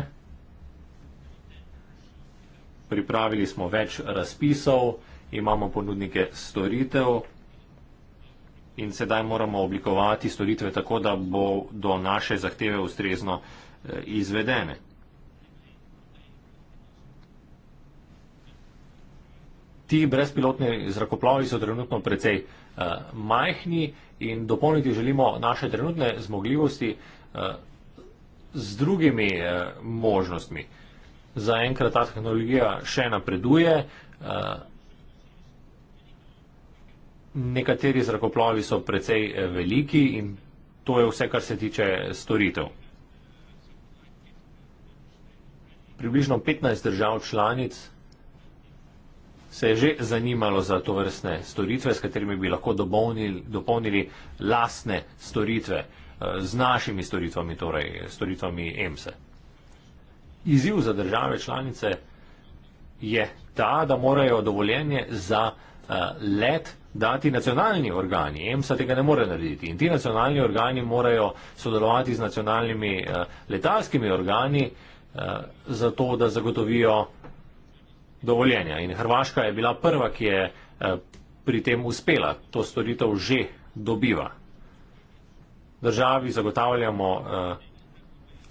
Pripravili smo več razpisov, imamo ponudnike storitev in sedaj moramo oblikovati storitve tako, da bodo naše zahteve ustrezno eh, izvedene. ti brezpilotni zrakoplovi so trenutno precej uh, majhni in dopolniti želimo naše trenutne zmogljivosti uh, z drugimi uh, možnostmi. Zaenkrat ta tehnologija še napreduje. Uh, nekateri zrakoplovi so precej veliki in to je vse, kar se tiče storitev. Približno 15 držav članic se je že zanimalo za to vrstne storitve, s katerimi bi lahko dopolnili lastne storitve, eh, z našimi storitvami, torej storitvami EMSE. Izziv za države članice je ta, da morajo dovoljenje za eh, let dati nacionalni organi. EMSA tega ne more narediti. In ti nacionalni organi morajo sodelovati z nacionalnimi eh, letalskimi organi, zato da zagotovijo dovoljenja. In Hrvaška je bila prva, ki je eh, pri tem uspela. To storitev že dobiva. Državi zagotavljamo eh,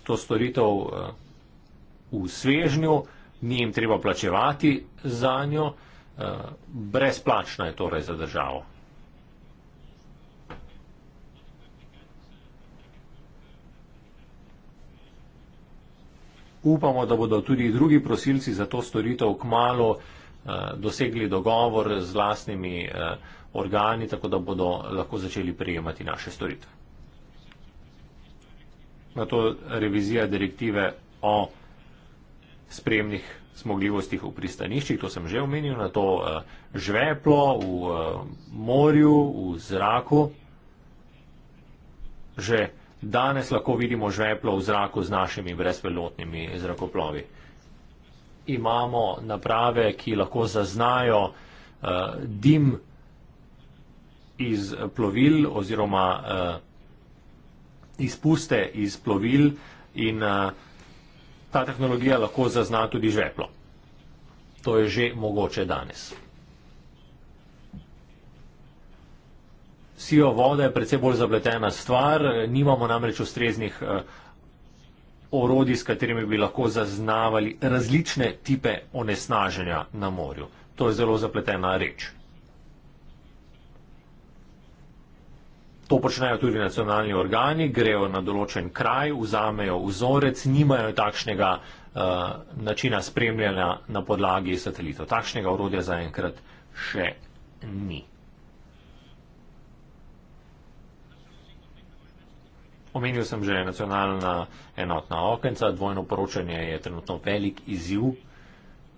to storitev eh, v svežnju, ni jim treba plačevati za njo, brezplačna je torej za državo. upamo, da bodo tudi drugi prosilci za to storitev kmalo eh, dosegli dogovor z vlastnimi eh, organi, tako da bodo lahko začeli prejemati naše storitve. Na to revizija direktive o spremnih smogljivostih v pristaniščih, to sem že omenil, na to eh, žveplo v morju, v zraku, že vsega. Danes lahko vidimo žveplo v zraku z našimi brezpilotnimi zrakoplovi. Imamo naprave, ki lahko zaznajo uh, dim iz plovil oziroma uh, izpuste iz plovil in uh, ta tehnologija lahko zazna tudi žveplo. To je že mogoče danes. Sijo voda je predvsej bolj zapletena stvar, nimamo namreč ustreznih eh, orodij, s katerimi bi lahko zaznavali različne tipe onesnaženja na morju. To je zelo zapletena reč. To počnejo tudi nacionalni organi, grejo na določen kraj, vzamejo vzorec, nimajo takšnega uh, načina spremljanja na podlagi satelitov. Takšnega urodja zaenkrat še ni. Omenil sem že nacionalna enotna okenca, dvojno poročanje je trenutno velik izziv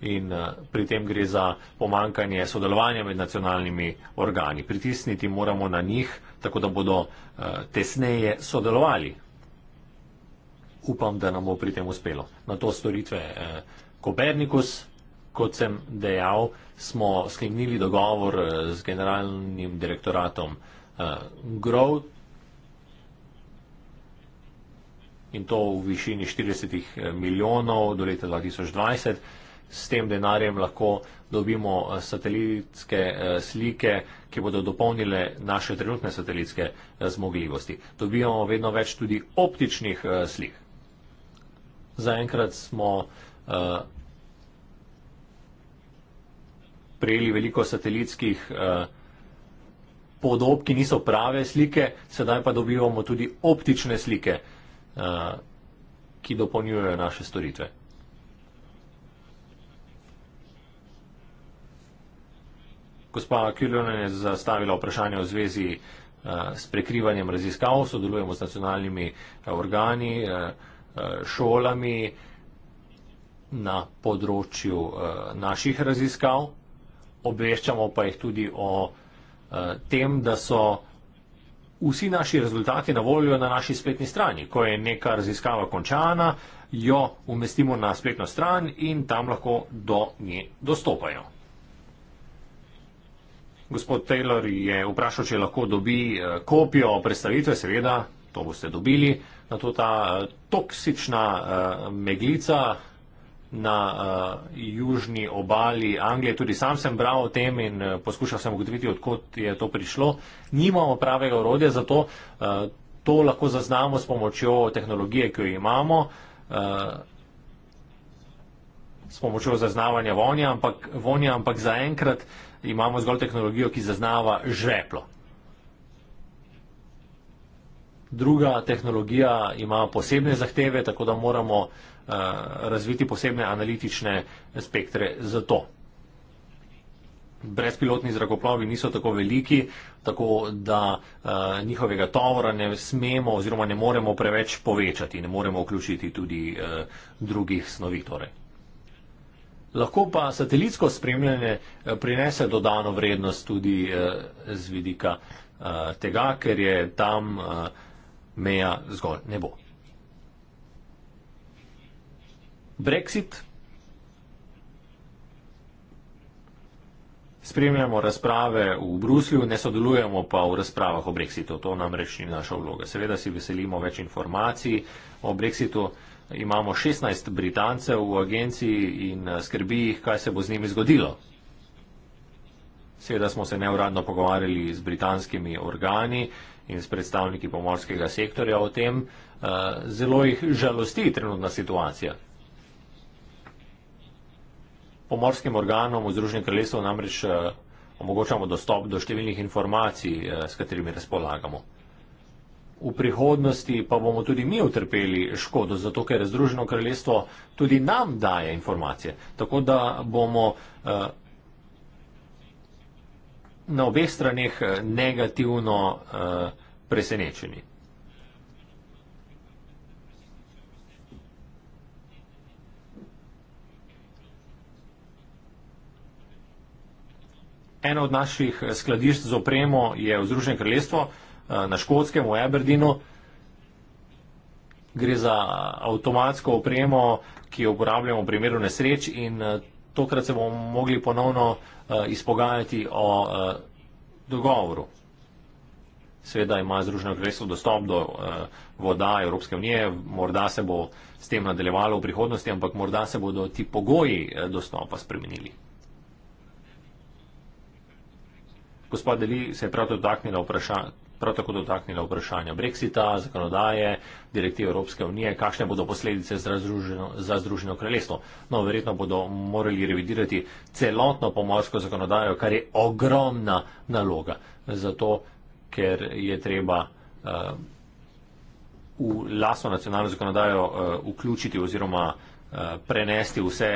in eh, pri tem gre za pomankanje sodelovanja med nacionalnimi organi. Pritisniti moramo na njih, tako da bodo eh, tesneje sodelovali. Upam, da nam bo pri tem uspelo. Na to storitve eh, Kopernikus, kot sem dejal, smo sklenili dogovor z generalnim direktoratom Grove. in to v višini 40 eh, milijonov do leta 2020. S tem denarjem lahko dobimo eh, satelitske eh, slike, ki bodo dopolnile naše trenutne satelitske zmogljivosti. Dobijamo vedno več tudi optičnih slik. Zaenkrat smo prejeli veliko satelitskih podob, ki niso prave slike, sedaj pa dobivamo tudi optične slike. Eh, ki dopolnjujejo naše storitve. Gospa Kiljone je zastavila vprašanje v zvezi eh, s prekrivanjem raziskav, sodelujemo z nacionalnimi eh, organi, šolami na področju naših raziskav, obveščamo pa jih tudi o tem, da so vsi naši rezultati na voljo na naši spletni strani. Ko je neka raziskava končana, jo umestimo na spletno stran in tam lahko do nje dostopajo. Gospod Taylor je vprašal, če lahko dobi eh, kopijo predstavitve, seveda, to boste dobili. Na to ta eh, toksična eh, meglica na uh, južni obali Anglije. Tudi sam sem bral o tem in uh, poskušal sem ugotoviti, odkot je to prišlo. Nimamo pravega orodja za to. Uh, to lahko zaznamo s pomočjo tehnologije, ki jo imamo. Uh, s pomočjo zaznavanja vonja, ampak, vonja, ampak zaenkrat imamo zgolj tehnologijo, ki zaznava žveplo. Druga tehnologija ima posebne zahteve, tako da moramo uh, Eh, razviti posebne analitične spektre za to. Brezpilotni zrakoplovi niso tako veliki, tako da uh, njihovega tovora ne smemo oziroma ne moremo preveč povečati, ne moremo vključiti tudi uh, drugih snovi. Torej. Lahko pa satelitsko spremljanje prinese dodano vrednost tudi uh, z vidika uh, tega, ker je tam uh, meja zgolj nebo. Brexit. Spremljamo razprave v Bruslju, ne sodelujemo pa v razpravah o Brexitu. To namreč ni naša vloga. Seveda si veselimo več informacij o Brexitu. Imamo 16 Britancev v agenciji in eh, skrbi jih, kaj se bo z njimi zgodilo. Seveda smo se neuradno pogovarjali z britanskimi organi in s predstavniki pomorskega sektorja o tem. Eh, zelo jih žalosti trenutna situacija pomorskim organom v Združenem kraljestvu namreč eh, omogočamo dostop do številnih informacij, eh, s katerimi razpolagamo. V prihodnosti pa bomo tudi mi utrpeli škodo, zato ker Združeno kraljestvo tudi nam daje informacije. Tako da bomo eh, na obeh straneh negativno presenečeni. eno od naših eh, skladišč z opremo je v Združenem kraljestvu, eh, na škotskem, v Aberdeenu. Gre za eh, avtomatsko opremo, ki jo uporabljamo v primeru nesreč in tokrat se bomo mogli ponovno izpogajati o dogovoru. Sveda ima Združeno kraljestvo dostop do voda Evropske unije, morda se bo s tem nadaljevalo v prihodnosti, ampak morda se bodo ti pogoji dostopa spremenili. Gospod Deli se je prav, dotaknila prav tako dotaknila vprašanja Brexita, zakonodaje, direktive Evropske unije, kakšne bodo posledice za združeno, za združeno kraljestvo. No, verjetno bodo morali revidirati celotno pomorsko zakonodajo, kar je ogromna naloga. Zato, ker je treba. Uh, v lasno nacionalno zakonodajo uh, vključiti oziroma uh, prenesti vse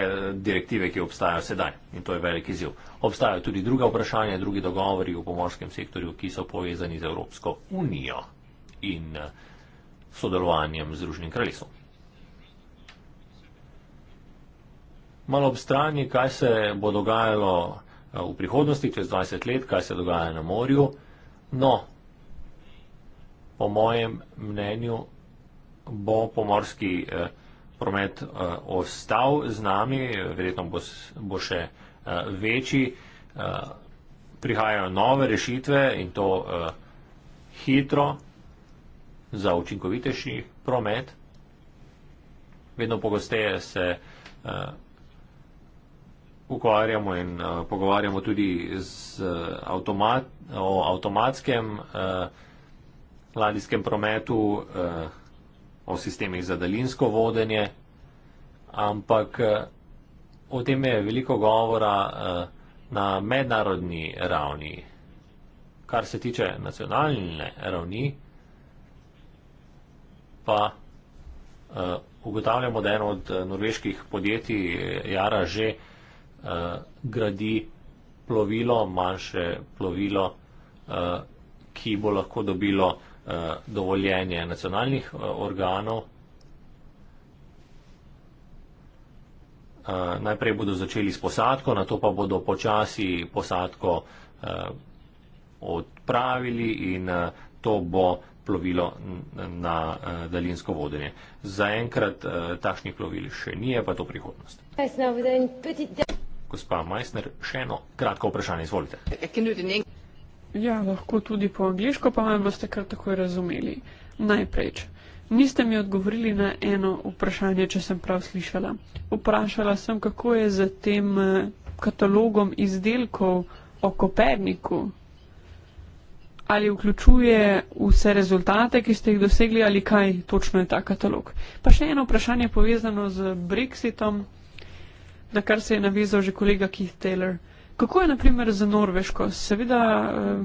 direktive, ki obstajajo sedaj. In to je velik izziv. Obstajajo tudi druga vprašanja, drugi dogovori v pomorskem sektorju, ki so povezani z Evropsko unijo in eh, sodelovanjem z Združenim kraljestvom. Malo ob strani, kaj se bo dogajalo eh, v prihodnosti, čez 20 let, kaj se dogaja na morju. No, po mojem mnenju bo pomorski eh, promet eh, ostal z nami, verjetno bo, bo še eh, večji. Eh, prihajajo nove rešitve in to hitro za učinkovitejši promet. Vedno pogosteje se ukvarjamo in pogovarjamo tudi automat, o avtomatskem ladijskem prometu o sistemih za daljinsko vodenje, ampak eh, o tem je veliko govora eh, na mednarodni ravni. Kar se tiče nacionalne ravni, pa eh, ugotavljamo, da eno od norveških podjetij Jara že gradi plovilo, manjše plovilo, ki bo lahko dobilo Eh, dovoljenje nacionalnih eh, organov. Eh, najprej bodo začeli s posadko, na to pa bodo počasi posadko odpravili in to bo plovilo na daljinsko vodenje. Zaenkrat takšnih plovil še ni, pa to prihodnost. Gospa Meissner, še eno kratko vprašanje, izvolite. Can Ja, lahko tudi po angliško, pa me boste kar takoj razumeli. Najprej, niste mi odgovorili na eno vprašanje, če sem prav slišala. Vprašala sem, kako je z tem eh, katalogom izdelkov o Koperniku. Ali vključuje vse rezultate, ki ste jih dosegli, ali kaj točno je ta katalog. Pa še eno vprašanje povezano z Brexitom, na kar se je navezal že kolega Keith Taylor. Kako je naprimer za Norveško? Seveda eh,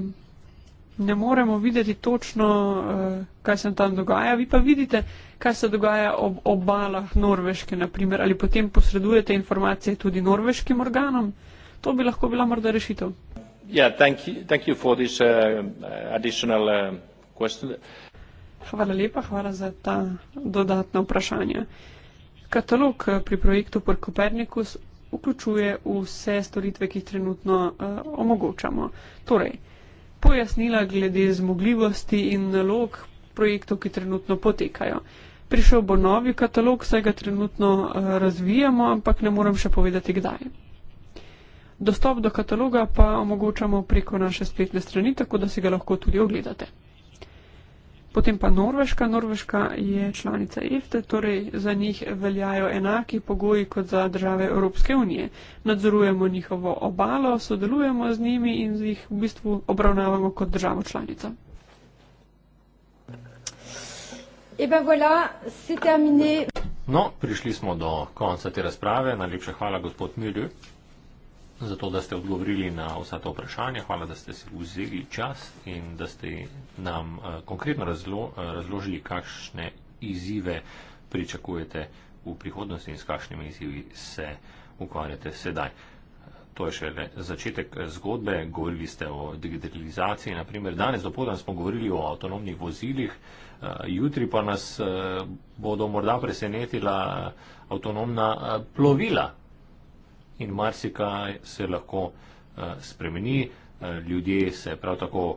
ne moremo videti točno, eh, kaj se tam dogaja. Vi pa vidite, kaj se dogaja ob obalah Norveške, naprimer. ali potem posredujete informacije tudi norveškim organom. To bi lahko bila morda rešitev. Eh, hvala lepa, hvala za ta dodatna vprašanja. Katalog pri projektu Porkopernikus vključuje vse storitve, ki jih trenutno uh, omogočamo. Torej, pojasnila glede zmogljivosti in nalog projektov, ki trenutno potekajo. Prišel bo novi katalog, saj ga trenutno uh, razvijamo, ampak ne morem še povedati, kdaj. Dostop do kataloga pa omogočamo preko naše spletne strani, tako da si ga lahko tudi ogledate. Potem pa Norveška. Norveška je članica EFTE, torej za njih veljajo enaki pogoji kot za države Evropske unije. Nadzorujemo njihovo obalo, sodelujemo z njimi in jih v bistvu obravnavamo kot državo članico. Eh no, prišli smo do konca te razprave. Najlepša hvala, gospod Miljuj za to, da ste odgovorili na vsa ta vprašanja. Hvala, da ste si vzeli čas in da ste nam eh, konkretno razlo, eh, razložili, kakšne izzive pričakujete v prihodnosti in s kakšnimi izzivi se ukvarjate sedaj. To je šele začetek eh, zgodbe. Govorili ste o digitalizaciji. Naprimer, danes dopoldan smo govorili o avtonomnih vozilih. Jutri pa nas bodo morda presenetila avtonomna plovila, in marsikaj se lahko uh, spremeni. Uh, ljudje se prav tako uh,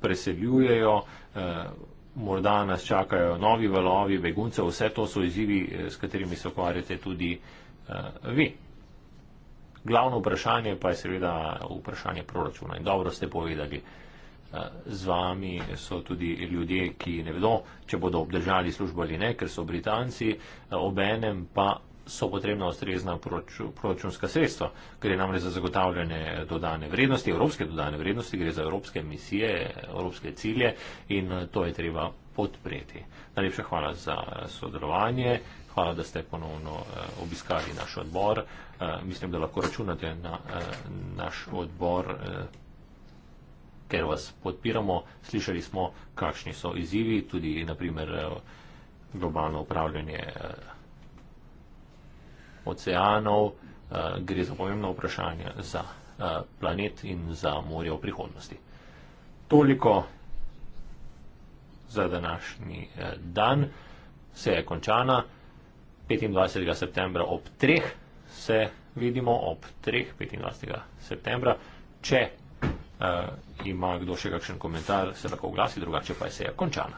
preseljujejo, uh, morda nas čakajo novi valovi beguncev. Vse to so izzivi, s katerimi se ukvarjate tudi uh, vi. Glavno vprašanje pa je seveda vprašanje proračuna. In dobro ste povedali, z vami so tudi ljudje, ki ne vedo, če bodo obdržali službo ali ne, ker so Britanci, obenem pa so potrebna ustrezna proračunska sredstva. Gre namreč za zagotavljanje dodane vrednosti, evropske dodane vrednosti, gre za evropske misije, evropske cilje in to je treba podpreti. Najlepša hvala za sodelovanje, hvala, da ste ponovno eh, obiskali naš odbor. Eh, mislim, da lahko računate na eh, naš odbor, ker vas podpiramo. Slišali smo, kakšni so izzivi, tudi naprimer globalno upravljanje oceanov, eh, gre za pomembno vprašanje za eh, planet in za morje v prihodnosti. Toliko za današnji eh, dan. Se je končana. 25. septembra ob 3. se vidimo ob 3. 25. septembra. Če uh, ima kdo še kakšen komentar, se lahko oglasi, drugače pa je seja končana.